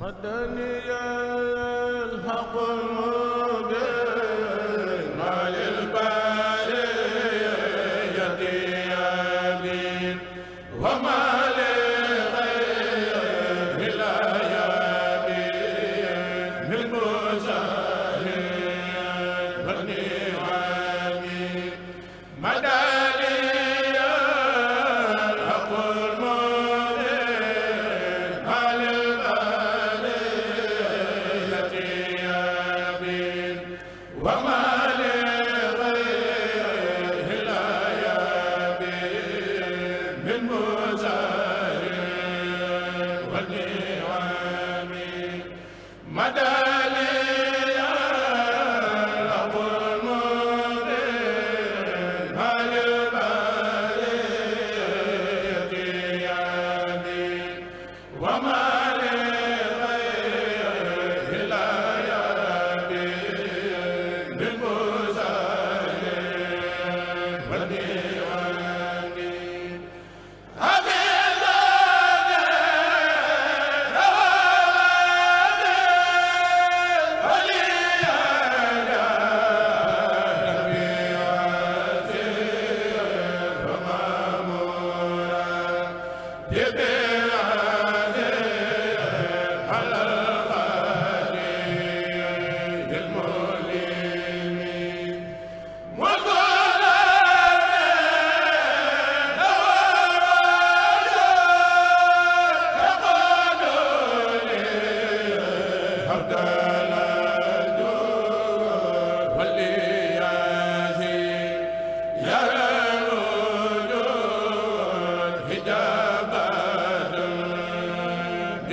madaniya al haqq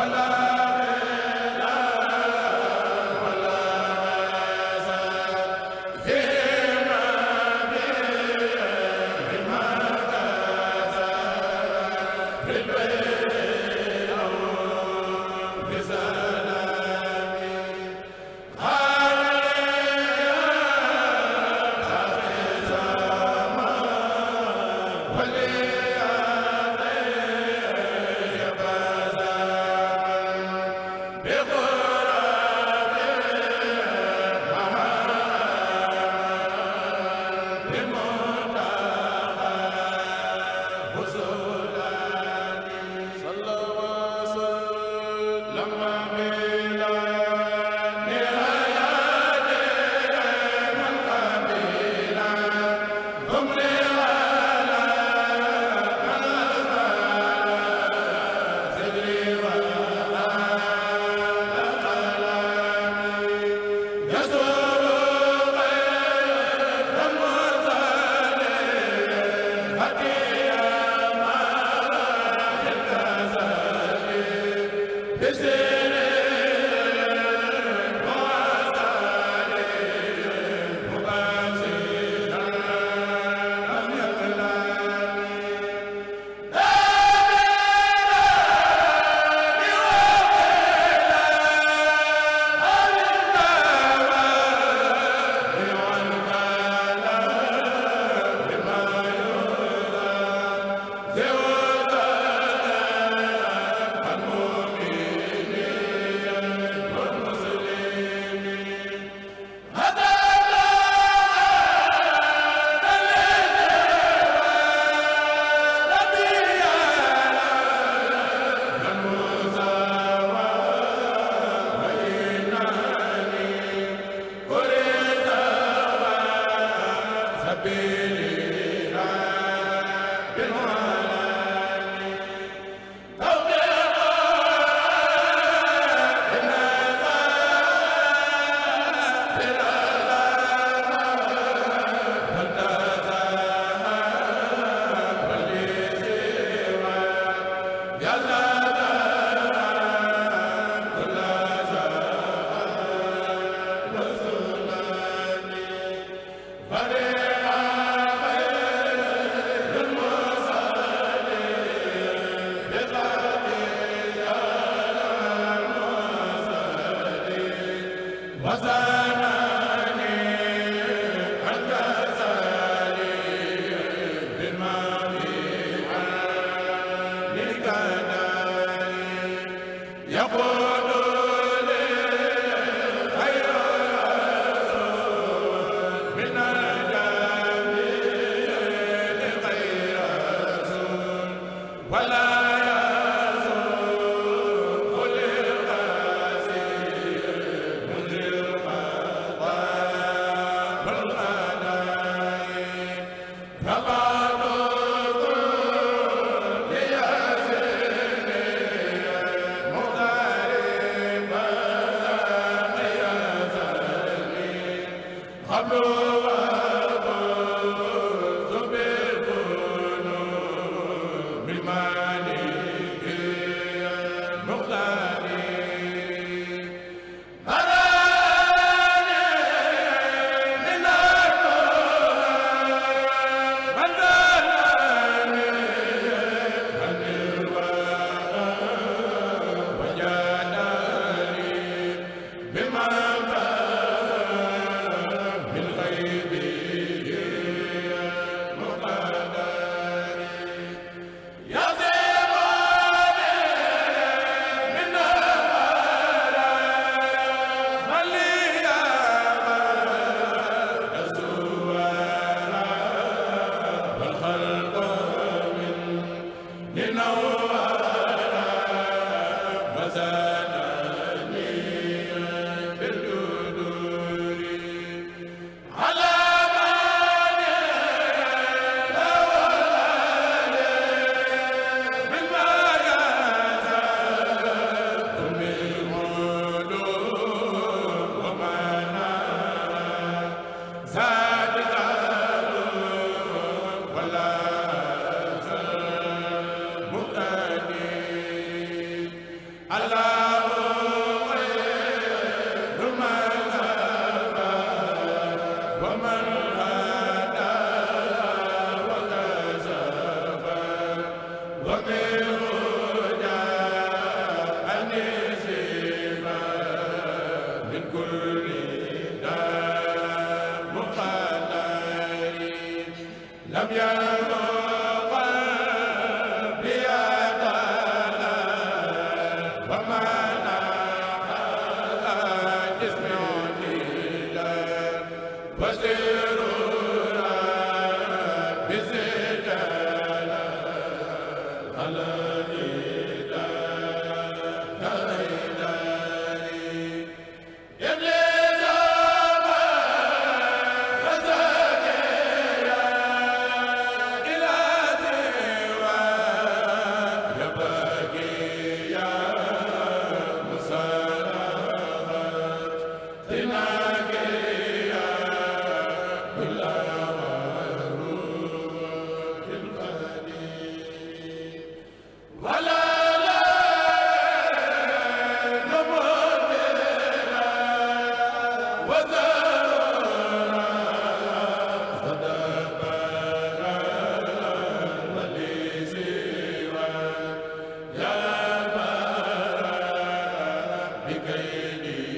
wala seeni